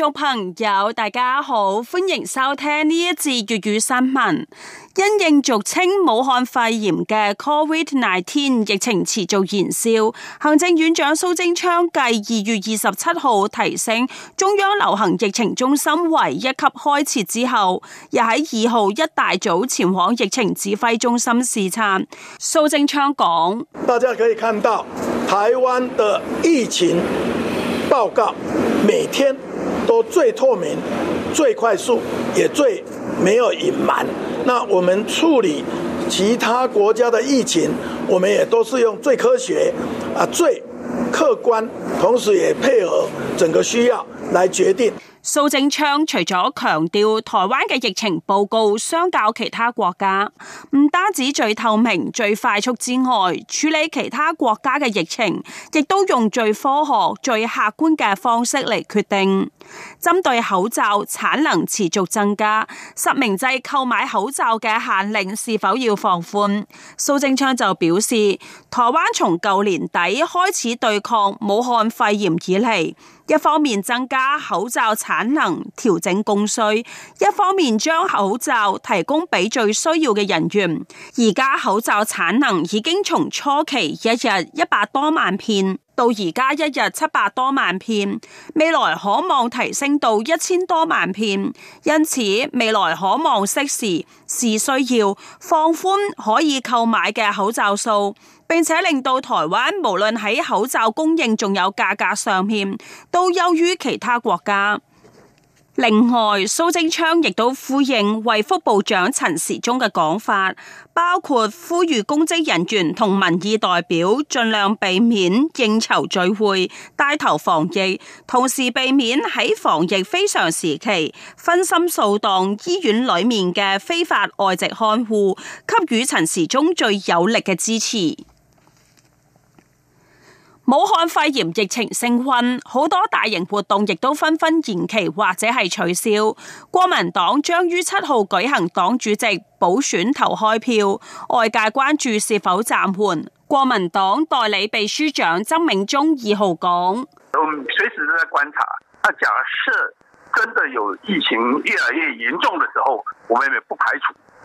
眾朋友，大家好，歡迎收聽呢一節粵語新聞。因應俗稱武漢肺炎嘅 COVID-19 疫情持續延燒，行政院長蘇貞昌繼二月二十七號提升中央流行疫情中心為一級開設之後，又喺二號一大早前往疫情指揮中心視察。蘇貞昌講：大家可以看到台灣的疫情報告，每天。都最透明、最快速，也最沒有隱瞞。那我們處理其他國家的疫情，我們也都是用最科學、啊最客觀，同時也配合整個需要來決定。蘇貞昌除咗強調台灣嘅疫情報告相較其他國家唔單止最透明、最快速之外，處理其他國家嘅疫情亦都用最科學、最客觀嘅方式嚟決定。針對口罩產能持續增加，實名制購買口罩嘅限令是否要放寬？蘇貞昌就表示，台灣從舊年底開始對抗武漢肺炎以嚟，一方面增加口罩產能，調整供需，一方面將口罩提供俾最需要嘅人員。而家口罩產能已經從初期一日一百多萬片。到而家一日七百多萬片，未來可望提升到一千多萬片，因此未來可望適時、是需要放寬可以購買嘅口罩數，並且令到台灣無論喺口罩供應仲有價格上面，都優於其他國家。另外，蘇貞昌亦都呼應衛福部長陳時中嘅講法，包括呼籲公職人員同民意代表盡量避免應酬聚會，帶頭防疫，同時避免喺防疫非常時期分心掃蕩醫院裏面嘅非法外籍看護，給予陳時中最有力嘅支持。武漢肺炎疫情升温，好多大型活動亦都紛紛延期或者係取消。國民黨將於七號舉行黨主席補選投開票，外界關注是否暫緩。國民黨代理秘書長曾銘宗二號講：，嗯，我們隨時都在觀察。那假設真的有疫情越來越嚴重的時候，我們也不排除。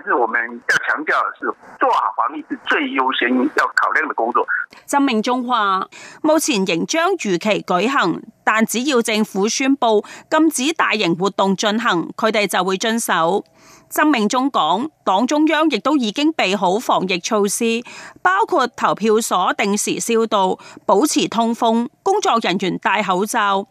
但是我們要強調的是，做好防疫是最優先要考量的工作。曾明忠話：目前仍將如期舉行，但只要政府宣布禁止大型活動進行，佢哋就會遵守。曾明忠講：黨中央亦都已經備好防疫措施，包括投票所定時消毒、保持通風、工作人員戴口罩。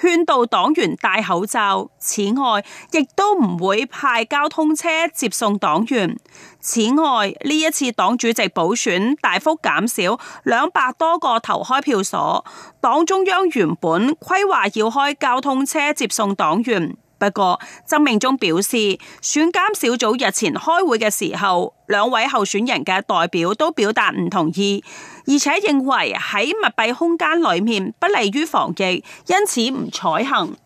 勸導黨員戴口罩，此外亦都唔會派交通車接送黨員。此外，呢一次黨主席補選大幅減少兩百多個投開票所，黨中央原本規劃要開交通車接送黨員。不過，曾明忠表示，選監小組日前開會嘅時候，兩位候選人嘅代表都表達唔同意，而且認為喺密閉空間裏面不利於防疫，因此唔採行。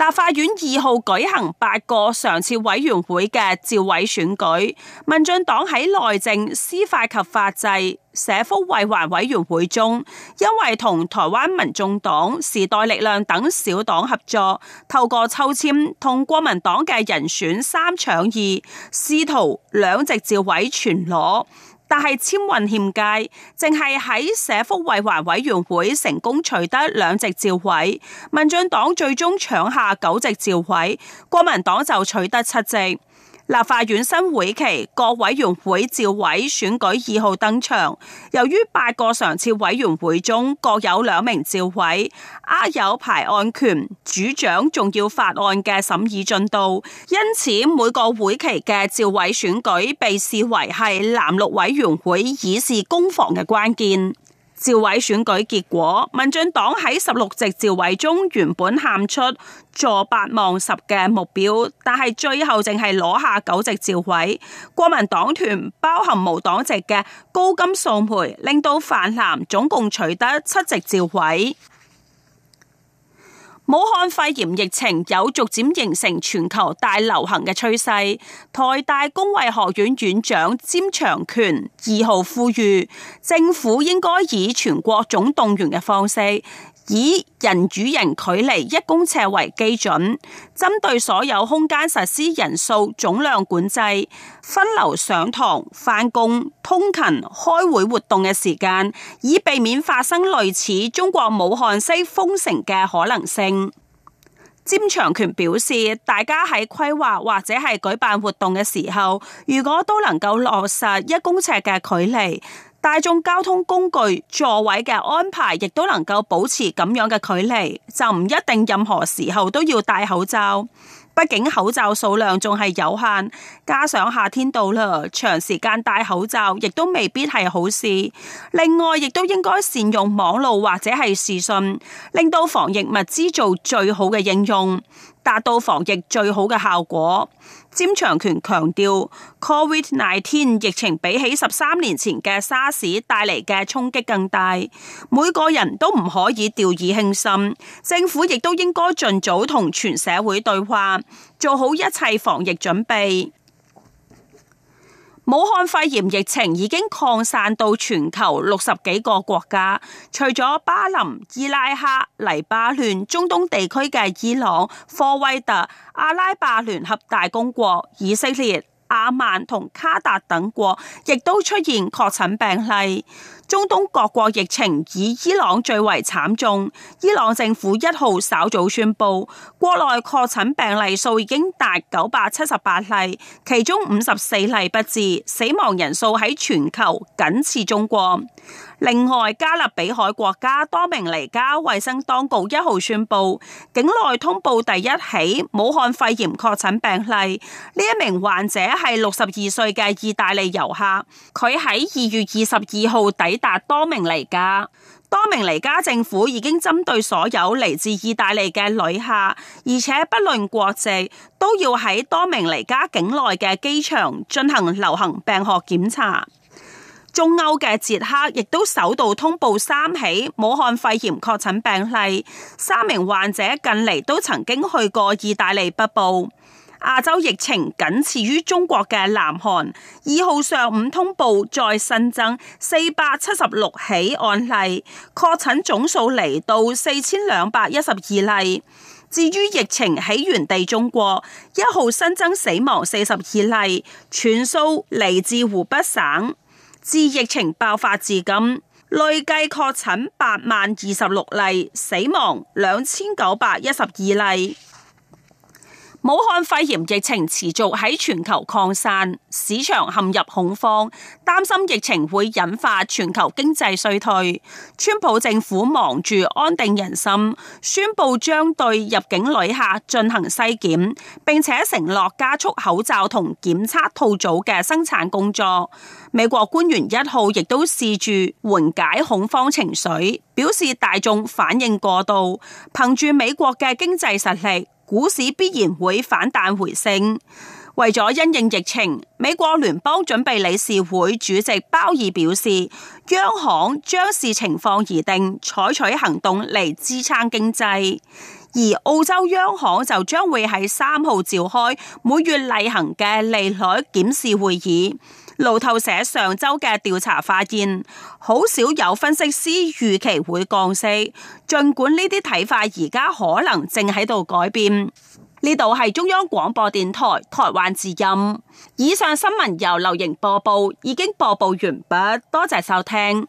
立法院二號舉行八個常設委員會嘅召委選舉，民進黨喺內政、司法及法制、社福衛環委員會中，因為同台灣民眾黨、時代力量等小黨合作，透過抽籤同國民黨嘅人選三搶二，試圖兩席召委全攞。但係簽運欠佳，淨係喺社福衛環委員會成功取得兩席召委，民進黨最終搶下九席召委，國民黨就取得七席。立法院新會期各委員會召委選舉二號登場，由於八個常設委員會中各有兩名召委，握有排案權、主掌重要法案嘅審議進度，因此每個會期嘅召委選舉被視為係藍綠委員會議事攻防嘅關鍵。召委選舉結果，民進黨喺十六席召委中原本喊出坐八望十嘅目標，但係最後淨係攞下九席召委。國民黨團包含無黨籍嘅高金素梅，令到泛藍總共取得七席召委。武漢肺炎疫情有逐漸形成全球大流行嘅趨勢，台大公衛學院院長詹長權二號呼籲，政府應該以全國總動員嘅方式，以人主人距離一公尺為基準，針對所有空間實施人數總量管制，分流上堂、返工、通勤、開會活動嘅時間，以避免發生類似中國武漢式封城嘅可能性。詹長權表示，大家喺規劃或者係舉辦活動嘅時候，如果都能夠落實一公尺嘅距離。大眾交通工具座位嘅安排，亦都能夠保持咁樣嘅距離，就唔一定任何時候都要戴口罩。畢竟口罩數量仲係有限，加上夏天到啦，長時間戴口罩亦都未必係好事。另外，亦都應該善用網路或者係視訊，令到防疫物資做最好嘅應用。達到防疫最好嘅效果。詹長權強調，Covid nineteen 疫情比起十三年前嘅沙士帶嚟嘅衝擊更大，每個人都唔可以掉以輕心。政府亦都應該盡早同全社會對話，做好一切防疫準備。武漢肺炎疫情已經擴散到全球六十幾個國家，除咗巴林、伊拉克、黎巴嫩、中東地區嘅伊朗、科威特、阿拉伯聯合大公國、以色列、阿曼同卡達等國，亦都出現確診病例。中東各國疫情以伊朗最為慘重，伊朗政府一號稍早宣布，國內確診病例數已經達九百七十八例，其中五十四例不治，死亡人數喺全球僅次中國。另外，加勒比海國家多明尼加衛生當局一號宣布，境內通報第一起武漢肺炎確診病例。呢一名患者係六十二歲嘅意大利遊客，佢喺二月二十二號抵達多明尼加。多明尼加政府已經針對所有嚟自意大利嘅旅客，而且不論國籍，都要喺多明尼加境內嘅機場進行流行病學檢查。中歐嘅捷克亦都首度通報三起武漢肺炎確診病例，三名患者近嚟都曾經去過意大利北部。亞洲疫情僅次於中國嘅南韓，二號上午通報再新增四百七十六起案例，確診總數嚟到四千兩百一十二例。至於疫情起源地中國，一號新增死亡四十二例，全數嚟自湖北省。自疫情爆發至今，累計確診八萬二十六例，死亡兩千九百一十二例。武漢肺炎疫情持續喺全球擴散，市場陷入恐慌，擔心疫情會引發全球經濟衰退。川普政府忙住安定人心，宣布將對入境旅客進行篩檢，並且承諾加速口罩同檢測套組嘅生產工作。美國官員一號亦都試住緩解恐慌情緒，表示大眾反應過度，憑住美國嘅經濟實力，股市必然會反彈回升。為咗因應疫情，美國聯邦準備理事會主席鮑爾表示，央行將視情況而定採取行動嚟支撐經濟。而澳洲央行就將會喺三號召開每月例行嘅利率檢視會議。路透社上周嘅調查發現，好少有分析師預期會降息，儘管呢啲睇法而家可能正喺度改變。呢度係中央廣播電台台灣之音。以上新聞由流瑩播報，已經播報完畢，多謝收聽。